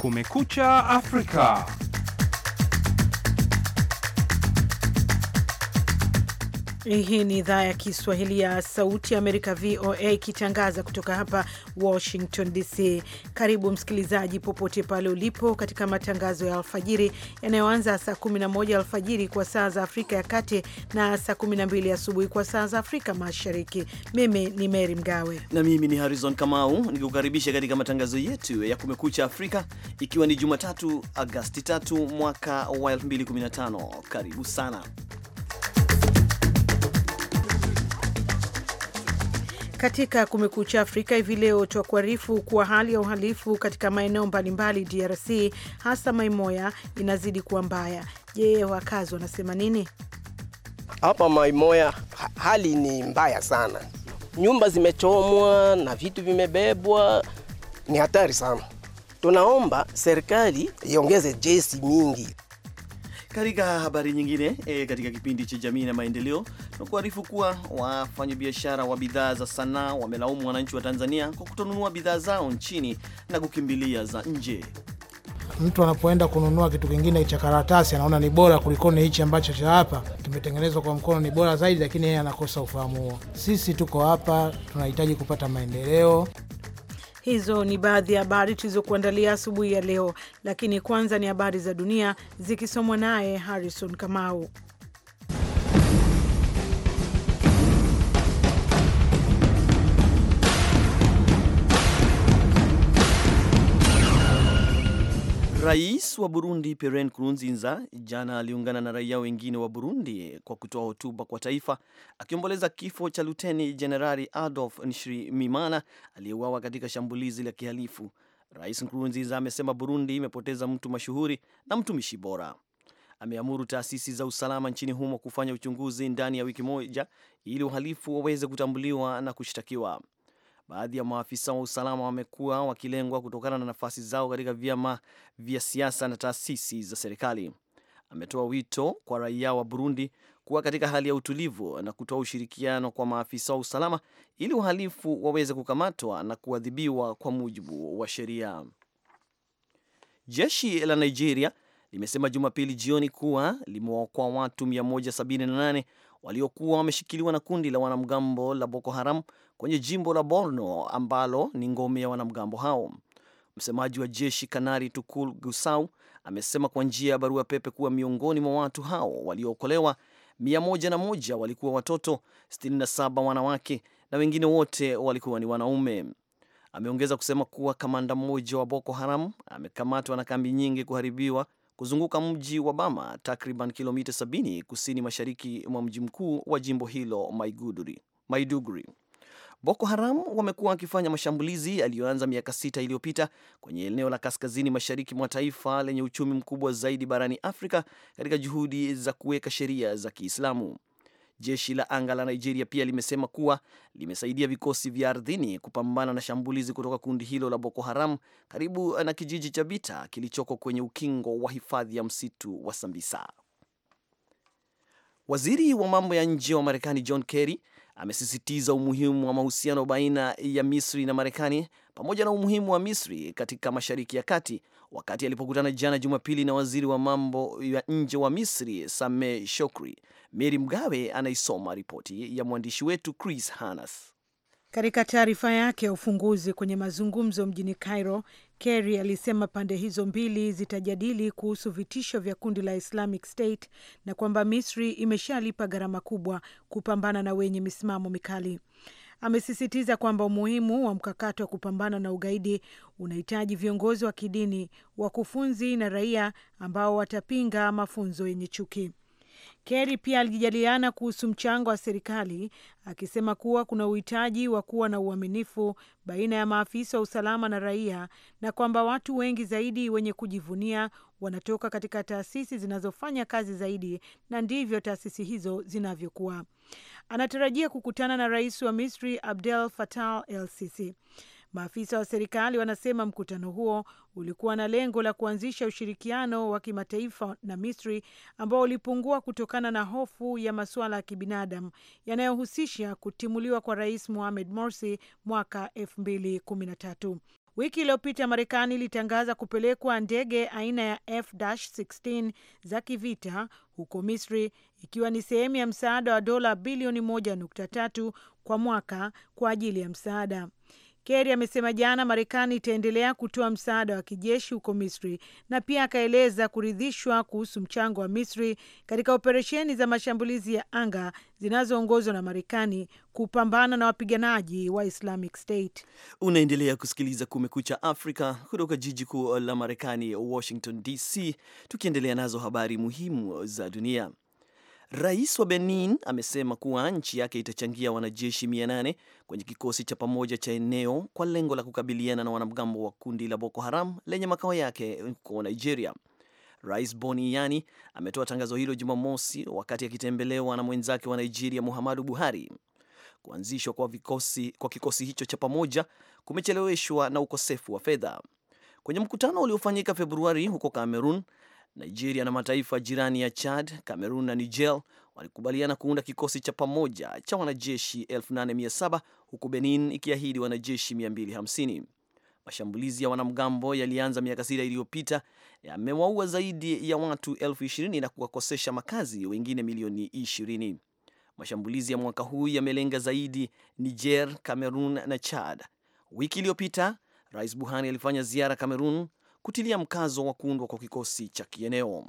Kumekucha Afrika. Hii ni idhaa ya Kiswahili ya Sauti ya Amerika, VOA, ikitangaza kutoka hapa Washington DC. Karibu msikilizaji, popote pale ulipo, katika matangazo ya alfajiri yanayoanza saa 11 alfajiri kwa saa za Afrika ya Kati na saa 12 asubuhi kwa saa za Afrika Mashariki. Mimi ni Mary Mgawe na mimi ni Harrison Kamau nikukaribisha katika matangazo yetu ya Kumekucha Afrika, ikiwa ni Jumatatu Agasti 3 mwaka wa 2015. Karibu sana Katika Kumekucha Afrika hivi leo twa kuharifu kuwa hali ya uhalifu katika maeneo mbalimbali DRC hasa Maimoya inazidi kuwa mbaya. Je, wakazi wanasema nini? Hapa Maimoya hali ni mbaya sana, nyumba zimechomwa na vitu vimebebwa, ni hatari sana. Tunaomba serikali iongeze jeshi mingi. Katika habari nyingine e, katika kipindi cha jamii na maendeleo na kuarifu kuwa wafanyabiashara wa bidhaa za sanaa wamelaumu wananchi wa Tanzania kwa kutonunua bidhaa zao nchini na kukimbilia za nje. Mtu anapoenda kununua kitu kingine cha karatasi anaona ni bora kulikoni hichi ambacho cha hapa kimetengenezwa kwa mkono, ni bora zaidi, lakini yeye anakosa ufahamu huo. Sisi tuko hapa, tunahitaji kupata maendeleo. Hizo ni baadhi ya habari tulizokuandalia asubuhi ya leo, lakini kwanza ni habari za dunia zikisomwa naye Harrison Kamau. Rais wa Burundi Pierre Nkurunziza jana aliungana na raia wengine wa Burundi kwa kutoa hotuba kwa taifa akiomboleza kifo cha Luteni Jenerali Adolf Nshimimana aliyeuawa katika shambulizi la kihalifu. Rais Nkurunziza amesema Burundi imepoteza mtu mashuhuri na mtumishi bora. Ameamuru taasisi za usalama nchini humo kufanya uchunguzi ndani ya wiki moja ili uhalifu waweze kutambuliwa na kushtakiwa. Baadhi ya maafisa wa usalama wamekuwa wakilengwa kutokana na nafasi zao katika vyama vya siasa na taasisi za serikali. Ametoa wito kwa raia wa Burundi kuwa katika hali ya utulivu na kutoa ushirikiano kwa maafisa wa usalama ili wahalifu waweze kukamatwa na kuadhibiwa kwa mujibu wa sheria. Jeshi la Nigeria limesema Jumapili jioni kuwa limewaokoa watu 178 waliokuwa wameshikiliwa na kundi la wanamgambo la Boko Haram kwenye jimbo la Borno ambalo ni ngome ya wanamgambo hao. Msemaji wa jeshi Kanari Tukul Gusau amesema kwa njia ya barua pepe kuwa miongoni mwa watu hao waliookolewa, 101 walikuwa watoto, 67 wanawake na wengine wote walikuwa ni wanaume. Ameongeza kusema kuwa kamanda mmoja wa Boko Haram amekamatwa na kambi nyingi kuharibiwa kuzunguka mji wa Bama, takriban kilomita 70 kusini mashariki mwa mji mkuu wa jimbo hilo Maiduguri. Boko Haram wamekuwa wakifanya mashambulizi yaliyoanza miaka sita iliyopita kwenye eneo la kaskazini mashariki mwa taifa lenye uchumi mkubwa zaidi barani Afrika katika juhudi za kuweka sheria za Kiislamu. Jeshi la anga la Nigeria pia limesema kuwa limesaidia vikosi vya ardhini kupambana na shambulizi kutoka kundi hilo la Boko Haram karibu eh, na kijiji cha Bita kilichoko kwenye ukingo wa hifadhi ya msitu wa Sambisa. Waziri wa mambo ya nje wa Marekani John Kerry amesisitiza umuhimu wa mahusiano baina ya Misri na Marekani pamoja na umuhimu wa Misri katika Mashariki ya Kati wakati alipokutana jana Jumapili na waziri wa mambo ya nje wa Misri Sameh Shokri. Meri Mgawe anaisoma ripoti ya mwandishi wetu Chris Hanas. Katika taarifa yake ya ufunguzi kwenye mazungumzo mjini Cairo Kerry alisema pande hizo mbili zitajadili kuhusu vitisho vya kundi la Islamic State na kwamba Misri imeshalipa gharama kubwa kupambana na wenye misimamo mikali. Amesisitiza kwamba umuhimu wa mkakati wa kupambana na ugaidi unahitaji viongozi wa kidini, wakufunzi na raia ambao watapinga mafunzo yenye chuki. Kerry pia alijadiliana kuhusu mchango wa serikali akisema kuwa kuna uhitaji wa kuwa na uaminifu baina ya maafisa wa usalama na raia na kwamba watu wengi zaidi wenye kujivunia wanatoka katika taasisi zinazofanya kazi zaidi na ndivyo taasisi hizo zinavyokuwa. Anatarajia kukutana na rais wa Misri Abdel Fattah el-Sisi. Maafisa wa serikali wanasema mkutano huo ulikuwa na lengo la kuanzisha ushirikiano wa kimataifa na Misri ambao ulipungua kutokana na hofu ya masuala ya kibinadamu yanayohusisha kutimuliwa kwa Rais Mohamed Morsi mwaka 2013. Wiki iliyopita Marekani ilitangaza kupelekwa ndege aina ya F-16 za kivita huko Misri, ikiwa ni sehemu ya msaada wa dola bilioni 1.3 kwa mwaka kwa ajili ya msaada. Kerry amesema jana Marekani itaendelea kutoa msaada wa kijeshi huko Misri na pia akaeleza kuridhishwa kuhusu mchango wa Misri katika operesheni za mashambulizi ya anga zinazoongozwa na Marekani kupambana na wapiganaji wa Islamic State. Unaendelea kusikiliza Kumekucha Afrika kutoka jiji kuu la Marekani, Washington DC, tukiendelea nazo habari muhimu za dunia. Rais wa Benin amesema kuwa nchi yake itachangia wanajeshi 800 kwenye kikosi cha pamoja cha eneo kwa lengo la kukabiliana na wanamgambo wa kundi la Boko Haram lenye makao yake huko Nigeria. Rais Boni Yani ametoa tangazo hilo Jumamosi wakati akitembelewa na mwenzake wa Nigeria Muhammadu Buhari. Kuanzishwa kwa vikosi, kwa kikosi hicho cha pamoja kumecheleweshwa na ukosefu wa fedha. Kwenye mkutano uliofanyika Februari huko Cameroon, Nigeria na mataifa jirani ya Chad, Cameroon na Niger walikubaliana kuunda kikosi cha pamoja cha wanajeshi 87 huku Benin ikiahidi wanajeshi 250. Mashambulizi ya wanamgambo yalianza miaka sita iliyopita yamewaua zaidi ya watu elfu na kuwakosesha makazi wengine milioni 20. Mashambulizi ya mwaka huu yamelenga zaidi Niger, Cameroon na Chad. Wiki iliyopita Rais Buhari alifanya ziara Cameroon kutilia mkazo wa kuundwa kwa kikosi cha kieneo.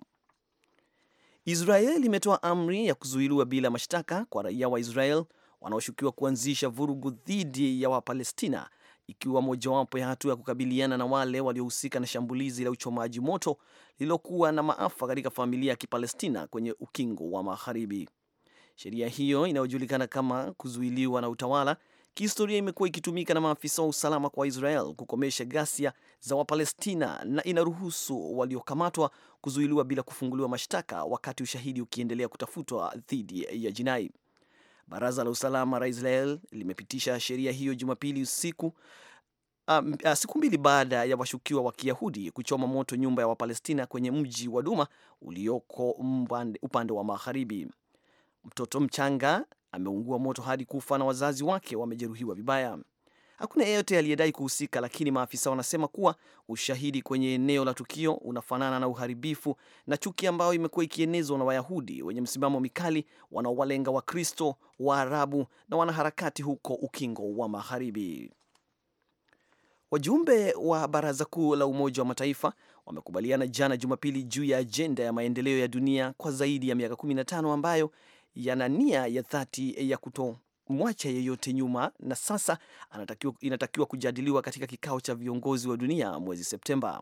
Israel imetoa amri ya kuzuiliwa bila mashtaka kwa raia wa Israel wanaoshukiwa kuanzisha vurugu dhidi ya Wapalestina, ikiwa mojawapo ya hatua ya kukabiliana na wale waliohusika na shambulizi la uchomaji moto lililokuwa na maafa katika familia ya Kipalestina kwenye ukingo wa Magharibi. Sheria hiyo inayojulikana kama kuzuiliwa na utawala kihistoria imekuwa ikitumika na maafisa wa usalama kwa Israel kukomesha ghasia za Wapalestina na inaruhusu waliokamatwa kuzuiliwa bila kufunguliwa mashtaka wakati ushahidi ukiendelea kutafutwa dhidi ya jinai. Baraza la usalama la Israel limepitisha sheria hiyo Jumapili usiku um, siku mbili baada ya washukiwa wa Kiyahudi kuchoma moto nyumba ya Wapalestina kwenye mji wa Duma ulioko upande wa magharibi. Mtoto mchanga ameungua moto hadi kufa na wazazi wake wamejeruhiwa vibaya. Hakuna yeyote aliyedai kuhusika, lakini maafisa wanasema kuwa ushahidi kwenye eneo la tukio unafanana na uharibifu na chuki ambayo imekuwa ikienezwa na Wayahudi wenye msimamo mikali wanaowalenga Wakristo, Waarabu na wanaharakati huko Ukingo wa Magharibi. Wajumbe wa Baraza Kuu la Umoja wa Mataifa wamekubaliana jana Jumapili juu ya ajenda ya maendeleo ya dunia kwa zaidi ya miaka 15 ambayo yana nia ya dhati ya kutomwacha yeyote nyuma, na sasa anatakiwa, inatakiwa kujadiliwa katika kikao cha viongozi wa dunia mwezi Septemba.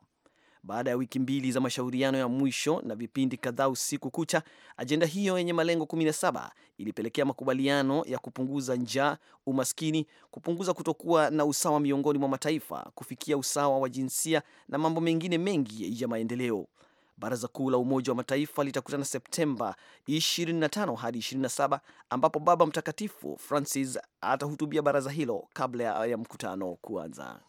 Baada ya wiki mbili za mashauriano ya mwisho na vipindi kadhaa usiku kucha, ajenda hiyo yenye malengo 17 ilipelekea makubaliano ya kupunguza njaa, umaskini, kupunguza kutokuwa na usawa miongoni mwa mataifa, kufikia usawa wa jinsia na mambo mengine mengi ya maendeleo. Baraza Kuu la Umoja wa Mataifa litakutana Septemba 25 hadi 27 ambapo Baba Mtakatifu Francis atahutubia baraza hilo kabla ya mkutano kuanza.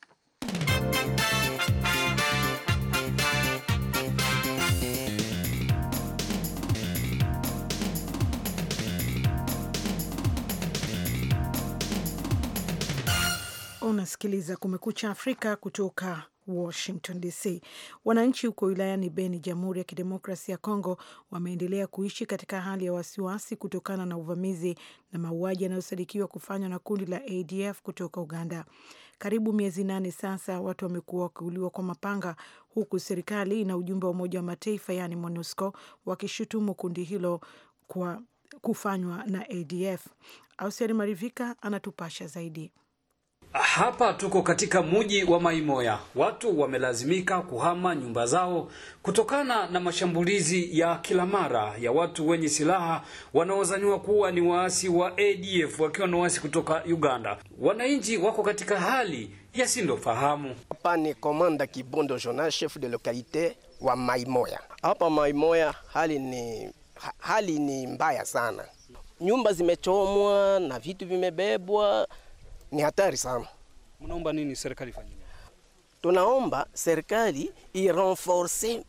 Unasikiliza Kumekucha Afrika kutoka Washington DC. Wananchi huko wilayani Beni, Jamhuri ya Kidemokrasia ya Kongo, wameendelea kuishi katika hali ya wasiwasi kutokana na uvamizi na mauaji yanayosadikiwa kufanywa na kundi la ADF kutoka Uganda. Karibu miezi nane sasa watu wamekuwa wakiuliwa kwa mapanga, huku serikali na ujumbe wa Umoja wa Mataifa yaani MONUSCO wakishutumu kundi hilo kwa kufanywa na ADF. Auseri Marivika anatupasha zaidi. Hapa tuko katika mji wa Maimoya. Watu wamelazimika kuhama nyumba zao kutokana na mashambulizi ya kila mara ya watu wenye silaha wanaozaniwa kuwa ni waasi wa ADF wakiwa na waasi kutoka Uganda. Wananchi wako katika hali ya sintofahamu. Hapa ni Komanda Kibondo Jonas, chef de localité wa Maimoya. Hapa Maimoya hali ni, hali ni mbaya sana, nyumba zimechomwa na vitu vimebebwa ni hatari sana. Mnaomba nini serikali ifanye? Tunaomba serikali irenforce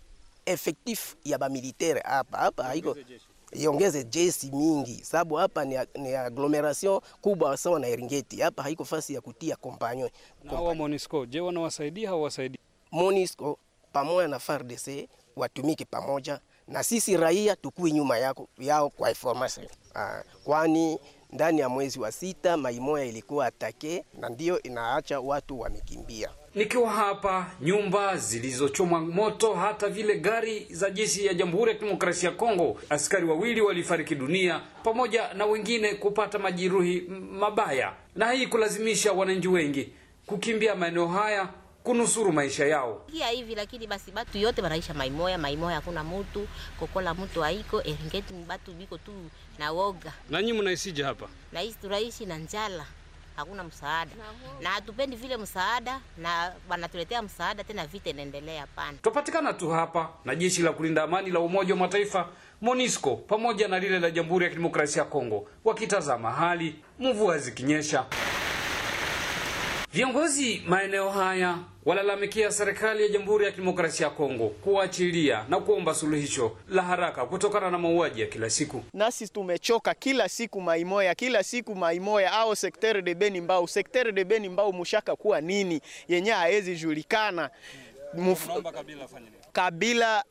effectif ya bamilitere hapa hapa, haiko iongeze jeshi mingi, sababu hapa ni, ni agglomeration kubwa sawa na Eringeti. Hapa haiko fasi ya kutia kompanyo. Na wa Monisco, je, wanawasaidia au wasaidi Monisco pamoja na FARDC watumike pamoja na sisi raia, tukui nyuma yako yao kwa information. Ah, kwani ndani ya mwezi wa sita maimoya ilikuwa atake na ndiyo inaacha watu wamekimbia. Nikiwa hapa, nyumba zilizochomwa moto, hata vile gari za jeshi ya Jamhuri ya Kidemokrasia ya Kongo, askari wawili walifariki dunia pamoja na wengine kupata majeruhi mabaya, na hii kulazimisha wananchi wengi kukimbia maeneo haya kunusuru maisha yao kia hivi, lakini basi batu yote wanaisha maimoya maimoya, hakuna mutu kokola mutu aiko eringeti mbatu biko tu na woga. Nanyi mnaisije hapa naisi, tunaishi na njala, hakuna msaada na hatupendi vile msaada, na wanatuletea msaada tena, vita inaendelea. pana tupatikana tu hapa na jeshi la kulinda amani la Umoja wa Mataifa monisco pamoja na lile la Jamhuri ya Kidemokrasia ya Kongo wakitazama hali mvua zikinyesha. Viongozi maeneo haya walalamikia serikali ya Jamhuri ya Kidemokrasia ya Kongo kuachilia na kuomba suluhisho la haraka kutokana na mauaji ya kila siku. Nasi tumechoka kila siku maimoya, kila siku maimoya au sekter de Beni Mbau, sekter de Beni Mbau mushaka kuwa nini yenye haezi julikana. Mufu... Kabila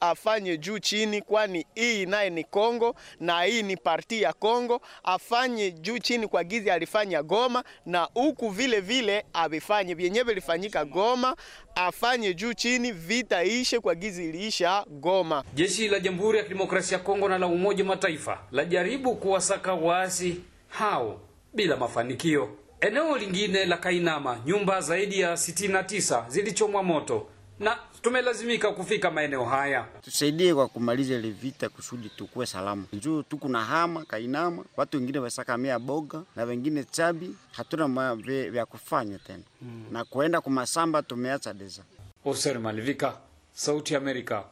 afanye juu chini, kwani hii naye ni Kongo na hii ni parti ya Kongo. Afanye juu chini kwa gizi alifanya Goma na huku vile vile avifanye vyenye vilifanyika Goma, afanye juu chini, vita ishe kwa gizi iliisha Goma. Jeshi la Jamhuri ya Kidemokrasia ya Kongo na la Umoja Mataifa lajaribu kuwasaka waasi hao bila mafanikio. Eneo lingine la Kainama, nyumba zaidi ya 69 zilichomwa moto na tumelazimika kufika maeneo haya. Tusaidie kwa kumaliza ile vita kusudi tukue salama. Njoo tuko na hama kainama, watu wengine wasakamia boga na wengine chabi, hatuna vya kufanya tena hmm. na kuenda kumasamba tumeacha deza. Oser Malivika, Sauti ya Amerika.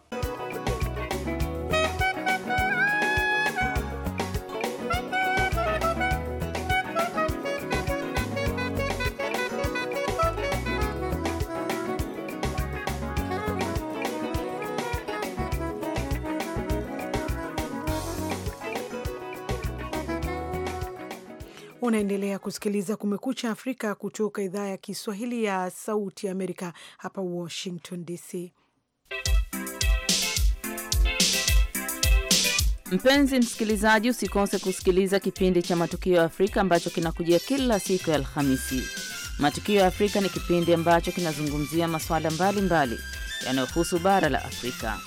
Unaendelea kusikiliza Kumekucha Afrika kutoka idhaa ya Kiswahili ya Sauti ya Amerika, hapa Washington DC. Mpenzi msikilizaji, usikose kusikiliza kipindi cha Matukio ya Afrika ambacho kinakujia kila siku ya Alhamisi. Matukio ya Afrika ni kipindi ambacho kinazungumzia masuala mbalimbali yanayohusu bara la Afrika.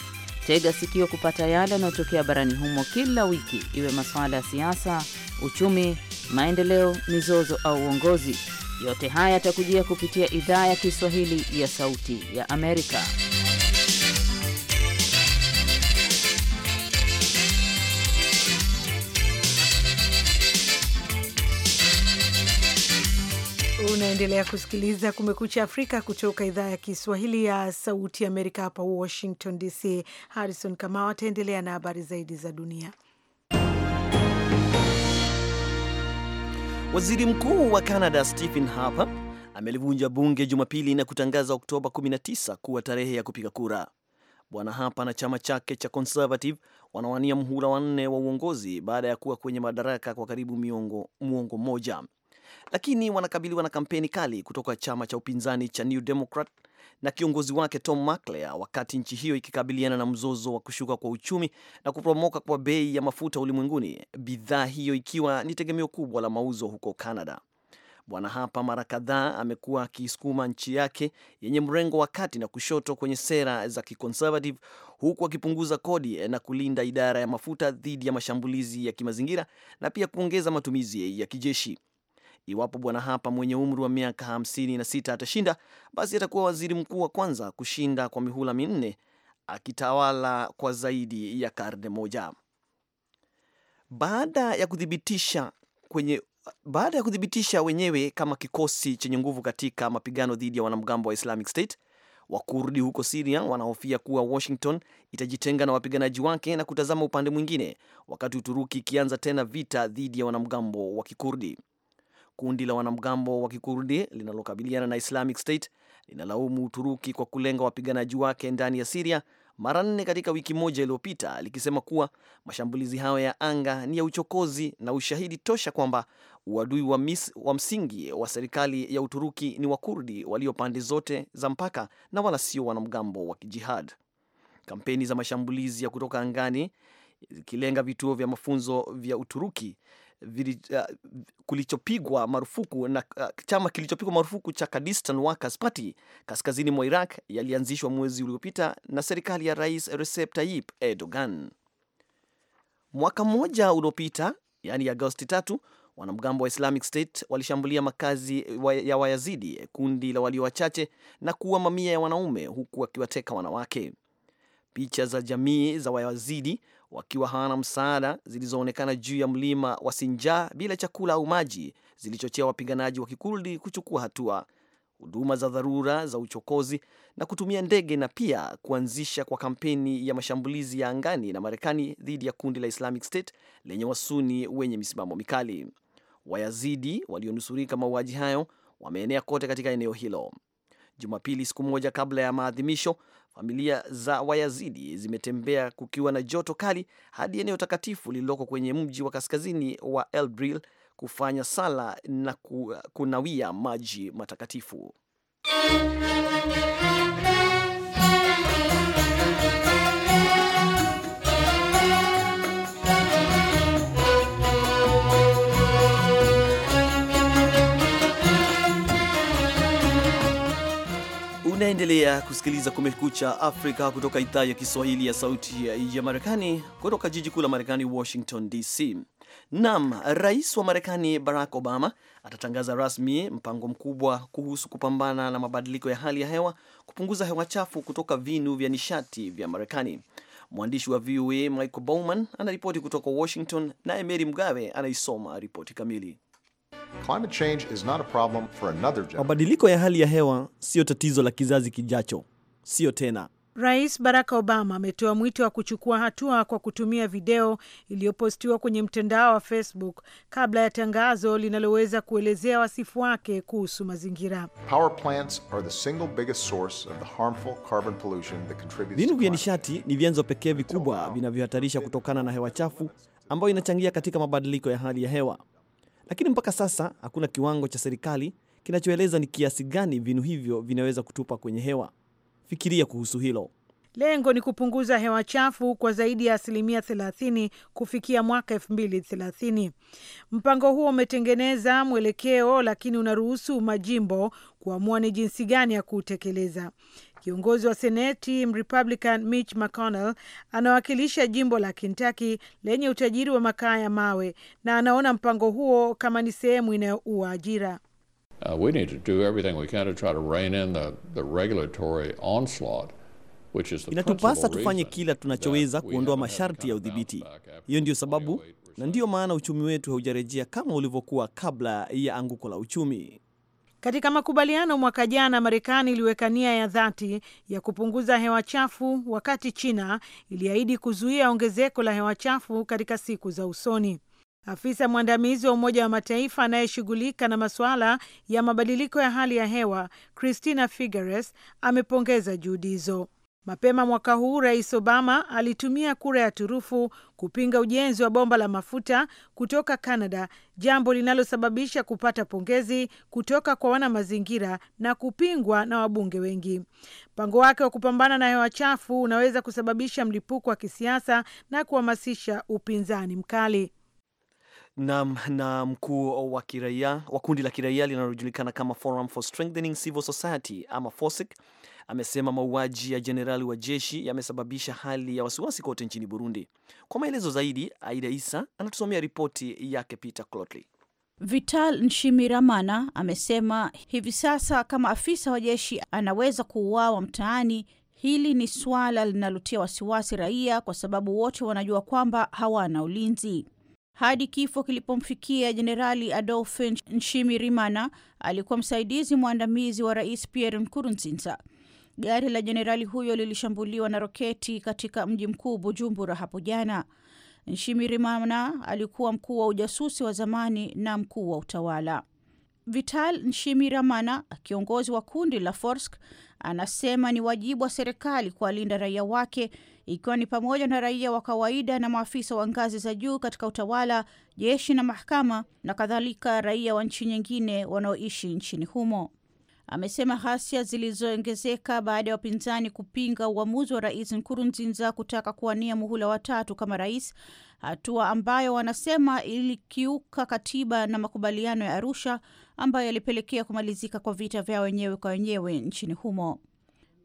Tega sikio kupata yale yanayotokea barani humo kila wiki, iwe masuala ya siasa, uchumi maendeleo, mizozo au uongozi. Yote haya yatakujia kupitia idhaa ya Kiswahili ya Sauti ya Amerika. Unaendelea kusikiliza Kumekucha Afrika kutoka idhaa ya Kiswahili ya Sauti ya Amerika, hapa Washington DC. Harrison Kamau ataendelea na habari zaidi za dunia. Waziri Mkuu wa Canada Stephen Harper amelivunja bunge Jumapili na kutangaza Oktoba 19 kuwa tarehe ya kupiga kura. Bwana Harper na chama chake cha Conservative wanawania mhula wanne wa uongozi baada ya kuwa kwenye madaraka kwa karibu miongo, muongo mmoja, lakini wanakabiliwa na kampeni kali kutoka chama cha upinzani cha New Democrat na kiongozi wake Tom Maclear wakati nchi hiyo ikikabiliana na mzozo wa kushuka kwa uchumi na kuporomoka kwa bei ya mafuta ulimwenguni, bidhaa hiyo ikiwa ni tegemeo kubwa la mauzo huko Canada. Bwana hapa mara kadhaa amekuwa akiisukuma nchi yake yenye mrengo wa kati na kushoto kwenye sera za kiconservative huku akipunguza kodi na kulinda idara ya mafuta dhidi ya mashambulizi ya kimazingira na pia kuongeza matumizi ya kijeshi. Iwapo bwana hapa mwenye umri wa miaka 56 atashinda, basi atakuwa waziri mkuu wa kwanza kushinda kwa mihula minne akitawala kwa zaidi ya karne moja. Baada ya kuthibitisha kwenye baada ya kuthibitisha wenyewe kama kikosi chenye nguvu katika mapigano dhidi ya wanamgambo wa Islamic State, Wakurdi huko Siria wanahofia kuwa Washington itajitenga na wapiganaji wake na kutazama upande mwingine, wakati Uturuki ikianza tena vita dhidi ya wanamgambo wa Kikurdi. Kundi la wanamgambo wa kikurdi linalokabiliana na Islamic State linalaumu Uturuki kwa kulenga wapiganaji wake ndani ya Siria mara nne katika wiki moja iliyopita, likisema kuwa mashambulizi hayo ya anga ni ya uchokozi na ushahidi tosha kwamba uadui wa, mis, wa msingi wa serikali ya Uturuki ni Wakurdi walio pande zote za mpaka na wala sio wanamgambo wa kijihad. Kampeni za mashambulizi ya kutoka angani zikilenga vituo vya mafunzo vya Uturuki vili, uh, kulichopigwa marufuku na uh, chama kilichopigwa marufuku cha Kurdistan Workers Party kaskazini mwa Iraq yalianzishwa mwezi uliopita na serikali ya Rais Recep Tayyip Erdogan. Mwaka mmoja uliopita, yani Agosti tatu, wanamgambo wa Islamic State walishambulia makazi ya Wayazidi, kundi la walio wachache, na kuua mamia ya wanaume huku wakiwateka wanawake. Picha za jamii za Wayazidi wakiwa hawana msaada, zilizoonekana juu ya mlima wa Sinjar bila chakula au maji, zilichochea wapiganaji wa Kikurdi kuchukua hatua, huduma za dharura za uchokozi na kutumia ndege, na pia kuanzisha kwa kampeni ya mashambulizi ya angani na Marekani dhidi ya kundi la Islamic State lenye Wasuni wenye misimamo mikali. Wayazidi walionusurika mauaji hayo wameenea kote katika eneo hilo. Jumapili, siku moja kabla ya maadhimisho, familia za Wayazidi zimetembea kukiwa na joto kali hadi eneo takatifu lililoko kwenye mji wa kaskazini wa Elbril kufanya sala na kunawia maji matakatifu. Unaendelea kusikiliza Kumekucha Afrika kutoka idhaa ya Kiswahili ya Sauti ya Marekani, kutoka jiji kuu la Marekani, Washington DC. Naam, rais wa Marekani Barack Obama atatangaza rasmi mpango mkubwa kuhusu kupambana na mabadiliko ya hali ya hewa, kupunguza hewa chafu kutoka vinu vya nishati vya Marekani. Mwandishi wa VOA Michael Bowman anaripoti kutoka Washington, naye Mary Mgawe anaisoma ripoti kamili. Climate change is not a problem for another generation. Mabadiliko ya hali ya hewa siyo tatizo la kizazi kijacho, siyo tena. Rais Barack Obama ametoa mwito wa kuchukua hatua kwa kutumia video iliyopostiwa kwenye mtandao wa Facebook kabla ya tangazo linaloweza kuelezea wasifu wake kuhusu mazingira. Vinu vya nishati ni vyanzo pekee vikubwa vinavyohatarisha kutokana na hewa chafu ambayo inachangia katika mabadiliko ya hali ya hewa. Lakini mpaka sasa hakuna kiwango cha serikali kinachoeleza ni kiasi gani vinu hivyo vinaweza kutupa kwenye hewa. Fikiria kuhusu hilo. Lengo ni kupunguza hewa chafu kwa zaidi ya asilimia 30 kufikia mwaka 2030. Mpango huo umetengeneza mwelekeo, lakini unaruhusu majimbo kuamua ni jinsi gani ya kuutekeleza. Kiongozi wa Seneti Mrepublican Mitch McConnell anawakilisha jimbo la Kentucky lenye utajiri wa makaa ya mawe na anaona mpango huo kama ni sehemu inayoua ajira. Uh, Inatupasa tufanye kila tunachoweza kuondoa masharti ya udhibiti. Hiyo ndiyo sababu na ndiyo maana uchumi wetu haujarejea kama ulivyokuwa kabla ya anguko la uchumi. Katika makubaliano mwaka jana, Marekani iliweka nia ya dhati ya kupunguza hewa chafu, wakati China iliahidi kuzuia ongezeko la hewa chafu katika siku za usoni. Afisa mwandamizi wa Umoja wa Mataifa anayeshughulika na masuala ya mabadiliko ya hali ya hewa Christina Figueres amepongeza juhudi hizo. Mapema mwaka huu Rais Obama alitumia kura ya turufu kupinga ujenzi wa bomba la mafuta kutoka Canada, jambo linalosababisha kupata pongezi kutoka kwa wanamazingira na kupingwa na wabunge wengi. Mpango wake wa kupambana na hewa chafu unaweza kusababisha mlipuko wa kisiasa na kuhamasisha upinzani mkali. Nam na mkuu wa kiraia wa kundi la kiraia linalojulikana kama Forum for Strengthening Civil Society ama FOSIC amesema mauaji ya jenerali wa jeshi yamesababisha hali ya wasiwasi kote nchini Burundi. Kwa maelezo zaidi, Aida Isa anatusomea ripoti yake Peter clotly Vital Nshimiramana amesema hivi sasa kama afisa wa jeshi anaweza kuuawa mtaani, hili ni swala linalotia wasiwasi raia, kwa sababu wote wanajua kwamba hawana ulinzi. Hadi kifo kilipomfikia Jenerali Adolphe Nshimirimana, alikuwa msaidizi mwandamizi wa Rais Pierre Nkurunziza. Gari la jenerali huyo lilishambuliwa na roketi katika mji mkuu Bujumbura hapo jana. Nshimirimana alikuwa mkuu wa ujasusi wa zamani na mkuu wa utawala. Vital Nshimiramana, kiongozi wa kundi la Forsk, anasema ni wajibu wa serikali kuwalinda raia wake, ikiwa ni pamoja na raia wa kawaida na maafisa wa ngazi za juu katika utawala, jeshi na mahakama na kadhalika, raia wa nchi nyingine wanaoishi nchini humo amesema ghasia zilizoongezeka baada ya wapinzani kupinga uamuzi wa rais Nkurunziza kutaka kuwania muhula watatu kama rais, hatua ambayo wanasema ilikiuka katiba na makubaliano ya Arusha ambayo yalipelekea kumalizika kwa vita vya wenyewe kwa wenyewe nchini humo.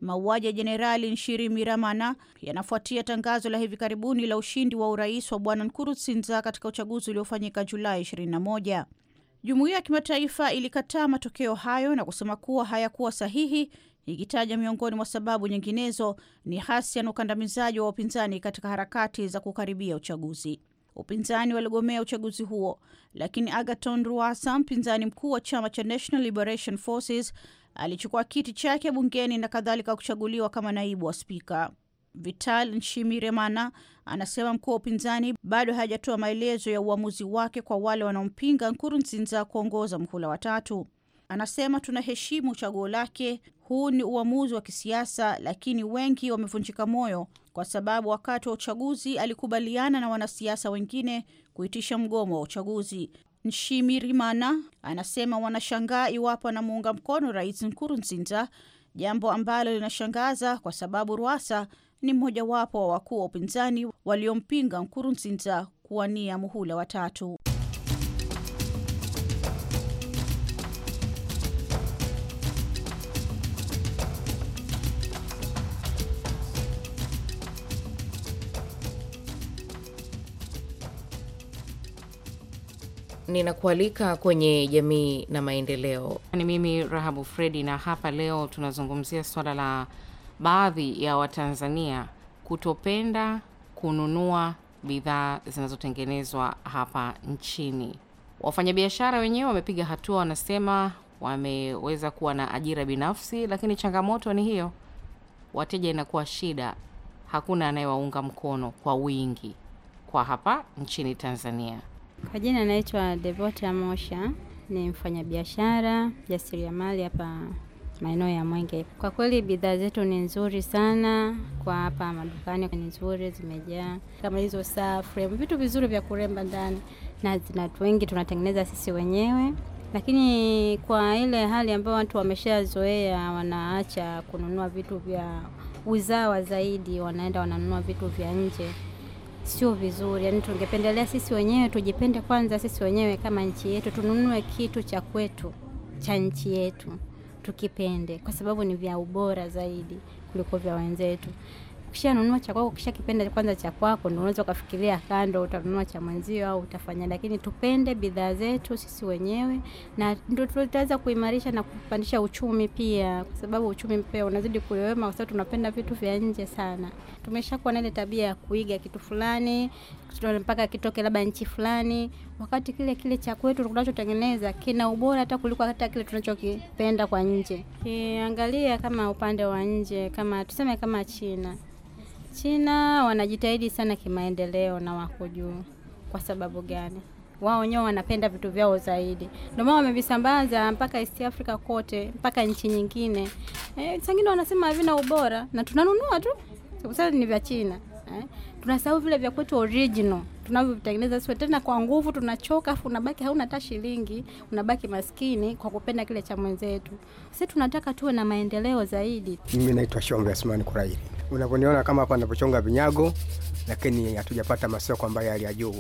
Mauaji ya Jenerali miramana yanafuatia tangazo la hivi karibuni la ushindi wa urais wa bwana Nkurunziza katika uchaguzi uliofanyika Julai Jumuiya ya kimataifa ilikataa matokeo hayo na kusema kuwa hayakuwa sahihi, ikitaja miongoni mwa sababu nyinginezo ni hasia na ukandamizaji wa upinzani katika harakati za kukaribia uchaguzi. Upinzani waligomea uchaguzi huo, lakini agaton ruasa mpinzani mkuu wa chama cha National Liberation Forces, alichukua kiti chake bungeni na kadhalika kuchaguliwa kama naibu wa spika. Vital Nshimiremana anasema mkuu wa upinzani bado hajatoa maelezo ya uamuzi wake kwa wale wanaompinga Nkurunziza kuongoza mhula watatu. Anasema tunaheshimu chaguo lake, huu ni uamuzi wa kisiasa, lakini wengi wamevunjika moyo kwa sababu wakati wa uchaguzi alikubaliana na wanasiasa wengine kuitisha mgomo wa uchaguzi. Nshimirimana anasema wanashangaa iwapo anamuunga mkono Rais Nkurunziza, jambo ambalo linashangaza kwa sababu Rwasa ni mmojawapo wa wakuu wa upinzani waliompinga Nkurunziza kuwania muhula watatu. Ninakualika kwenye jamii na maendeleo. Ni mimi Rahabu Fredi, na hapa leo tunazungumzia suala la baadhi ya Watanzania kutopenda kununua bidhaa zinazotengenezwa hapa nchini. Wafanyabiashara wenyewe wamepiga hatua, wanasema wameweza kuwa na ajira binafsi, lakini changamoto ni hiyo, wateja inakuwa shida, hakuna anayewaunga mkono kwa wingi kwa hapa nchini Tanzania. Kwa jina anaitwa Devota Mosha, ni mfanyabiashara jasiriamali hapa maeneo ya Mwenge. Kwa kweli bidhaa zetu ni nzuri sana kwa hapa madukani, ni nzuri, zimejaa kama hizo saa, frame, vitu vizuri vya kuremba ndani, na zina wengi tunatengeneza sisi wenyewe lakini kwa ile hali ambayo watu wameshazoea, wanaacha kununua vitu vya uzawa zaidi, wanaenda wananunua vitu vya nje. Sio vizuri, Yani tungependelea sisi wenyewe tujipende kwanza, sisi wenyewe kama nchi yetu, tununue kitu cha kwetu cha nchi yetu tukipende, kwa sababu ni vya ubora zaidi kuliko vya wenzetu. Ukishanunua cha kwako, ukishakipenda kwanza cha kwako, ndio unaweza ukafikiria kando utanunua cha mwenzio au utafanya, lakini tupende bidhaa zetu sisi wenyewe, na ndio tutaweza kuimarisha na kupandisha uchumi pia, kwa sababu uchumi pia unazidi kuyoyoma, kwa sababu tunapenda vitu vya nje sana. Tumeshakuwa na ile tabia ya kuiga kitu fulani, mpaka kitoke labda nchi fulani, wakati kile kile cha kwetu tunachotengeneza kina ubora hata kuliko hata kile tunachokipenda kwa nje. Kiangalia kama upande wa nje, kama tuseme kama China. China wanajitahidi sana kimaendeleo na wako juu. Kwa sababu gani? Wao wenyewe wanapenda vitu vyao zaidi, ndio maana wamevisambaza mpaka East Africa kote, mpaka nchi nyingine. Eh, wengine wanasema havina ubora na tunanunua tu, sababu ni vya China eh tunasahau vile vya kwetu original tunavyotengeneza sio tena kwa nguvu, tunachoka, afu unabaki hauna hata shilingi, unabaki maskini kwa kupenda kile cha mwenzetu. Sisi tunataka tuwe na maendeleo zaidi. Mimi naitwa Shombe Asmani Kurairi. Unavyoniona kama hapa ninapochonga vinyago, lakini hatujapata masoko ambayo yali ya juu,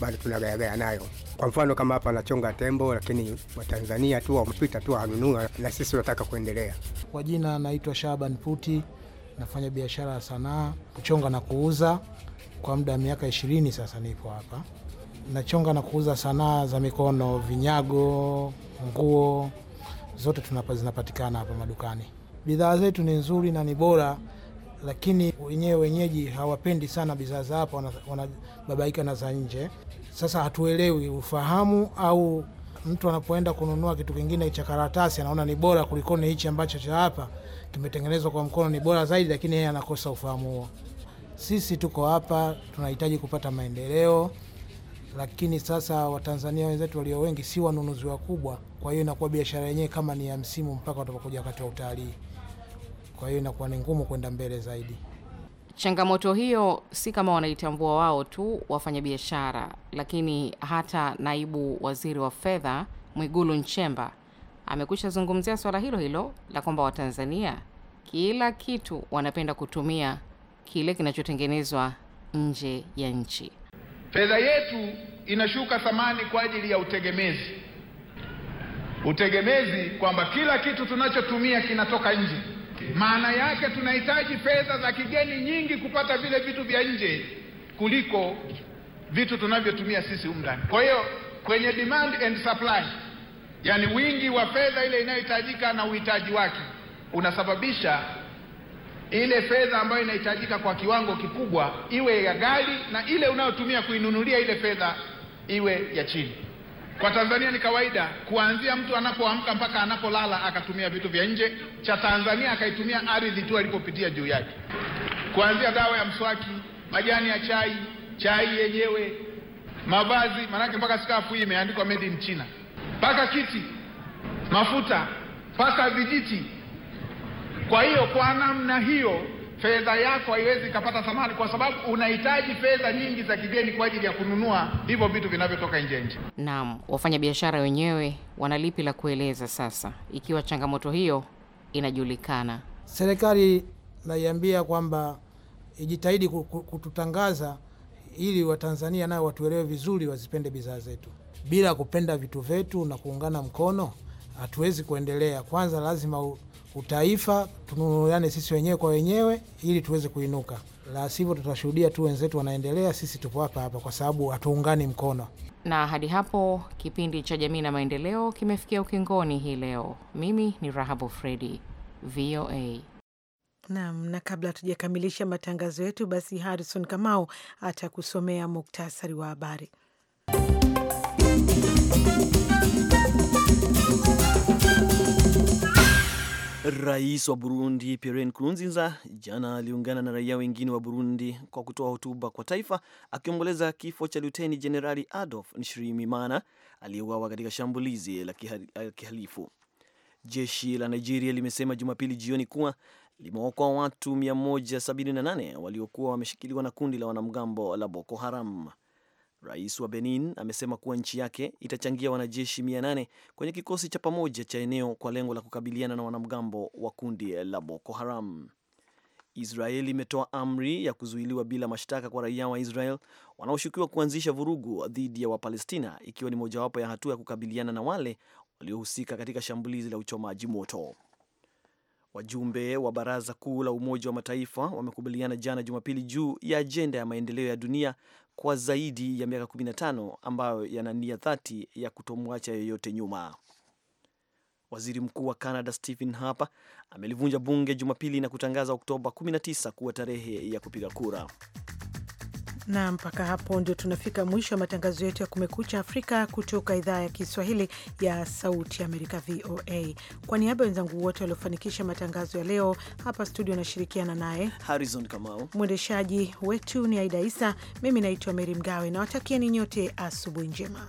bado tunagayagaya nayo. Kwa mfano kama hapa anachonga tembo, lakini Watanzania tu wamepita tu wanunua, na sisi tunataka kuendelea. Kwa jina naitwa Shaban Puti, nafanya biashara ya sanaa kuchonga na kuuza kwa muda wa miaka ishirini sasa nipo hapa, nachonga na kuuza sanaa za mikono, vinyago, nguo zote tunapa, zinapatikana hapa madukani. Bidhaa zetu ni nzuri na ni bora, lakini wenyewe wenyeji hawapendi sana bidhaa za hapa, wanababaika na za nje. Sasa hatuelewi ufahamu au mtu anapoenda kununua kitu kingine cha karatasi anaona ni bora kulikoni hichi ambacho cha hapa kimetengenezwa kwa mkono, ni bora zaidi, lakini yeye anakosa ufahamu huo sisi tuko hapa tunahitaji kupata maendeleo, lakini sasa Watanzania wenzetu walio wengi si wanunuzi wakubwa, kwa hiyo inakuwa biashara yenyewe kama ni ya msimu mpaka watapokuja wakati wa utalii, kwa hiyo inakuwa ni ngumu kwenda mbele zaidi. Changamoto hiyo si kama wanaitambua wao tu wafanyabiashara, lakini hata naibu waziri wa fedha Mwigulu Nchemba amekwisha zungumzia swala hilo hilo la kwamba Watanzania kila kitu wanapenda kutumia kile kinachotengenezwa nje ya nchi. Fedha yetu inashuka thamani kwa ajili ya utegemezi, utegemezi kwamba kila kitu tunachotumia kinatoka nje. Maana yake tunahitaji fedha za kigeni nyingi kupata vile vitu vya nje kuliko vitu tunavyotumia sisi humu ndani. Kwa hiyo kwenye demand and supply, yani wingi wa fedha ile inayohitajika na uhitaji wake unasababisha ile fedha ambayo inahitajika kwa kiwango kikubwa iwe ya gari na ile unayotumia kuinunulia ile fedha iwe ya chini. Kwa Tanzania ni kawaida kuanzia mtu anapoamka mpaka anapolala akatumia vitu vya nje. Cha Tanzania akaitumia ardhi tu alipopitia juu yake, kuanzia dawa ya mswaki, majani ya chai, chai yenyewe, mavazi, manake mpaka skafu hii imeandikwa made in China, mpaka kiti, mafuta, mpaka vijiti kwa hiyo kwa namna hiyo fedha yako haiwezi ikapata thamani kwa sababu unahitaji fedha nyingi za kigeni kwa ajili ya kununua hivyo vitu vinavyotoka nje nje. Naam, wafanyabiashara wenyewe wanalipi la kueleza sasa ikiwa changamoto hiyo inajulikana? Serikali naiambia kwamba ijitahidi kututangaza ili Watanzania nao watuelewe vizuri, wazipende bidhaa zetu. Bila kupenda vitu vyetu na kuungana mkono, hatuwezi kuendelea. Kwanza lazima u utaifa, tununuliane sisi wenyewe kwa wenyewe ili tuweze kuinuka, la sivyo tutashuhudia tu wenzetu wanaendelea, sisi tupo hapa hapa kwa sababu hatuungani mkono. Na hadi hapo kipindi cha Jamii na Maendeleo kimefikia ukingoni hii leo. Mimi ni Rahabu Fredi, VOA nam. Na kabla hatujakamilisha matangazo yetu, basi Harrison Kamau atakusomea muktasari wa habari. Rais wa Burundi Pierre Nkurunziza jana aliungana na raia wengine wa Burundi kwa kutoa hotuba kwa taifa akiomboleza kifo cha Luteni Jenerali Adolf Nshimimana aliyeuawa katika shambulizi la kihalifu. Jeshi la Nigeria limesema Jumapili jioni kuwa limeokoa watu 178 waliokuwa wameshikiliwa na kundi la wanamgambo la Boko Haram. Rais wa Benin amesema kuwa nchi yake itachangia wanajeshi 800 kwenye kikosi cha pamoja cha eneo kwa lengo la kukabiliana na wanamgambo wa kundi la Boko Haram. israel imetoa amri ya kuzuiliwa bila mashtaka kwa raia wa Israel wanaoshukiwa kuanzisha vurugu dhidi ya Wapalestina, ikiwa ni mojawapo ya hatua ya kukabiliana na wale waliohusika katika shambulizi la uchomaji moto. Wajumbe wa Baraza Kuu la Umoja wa Mataifa wamekubaliana jana Jumapili juu ya ajenda ya maendeleo ya dunia kwa zaidi ya miaka 15 ambayo yana nia dhati ya kutomwacha yeyote nyuma. Waziri Mkuu wa Canada Stephen Harper amelivunja bunge Jumapili na kutangaza Oktoba 19 kuwa tarehe ya kupiga kura na mpaka hapo ndio tunafika mwisho wa matangazo yetu ya Kumekucha Afrika kutoka idhaa ya Kiswahili ya Sauti Amerika, VOA. Kwa niaba ya wenzangu wote waliofanikisha matangazo ya leo hapa studio, anashirikiana naye Harrison Kamau, mwendeshaji wetu ni Aida Isa, mimi naitwa Meri Mgawe na watakieni nyote asubuhi njema.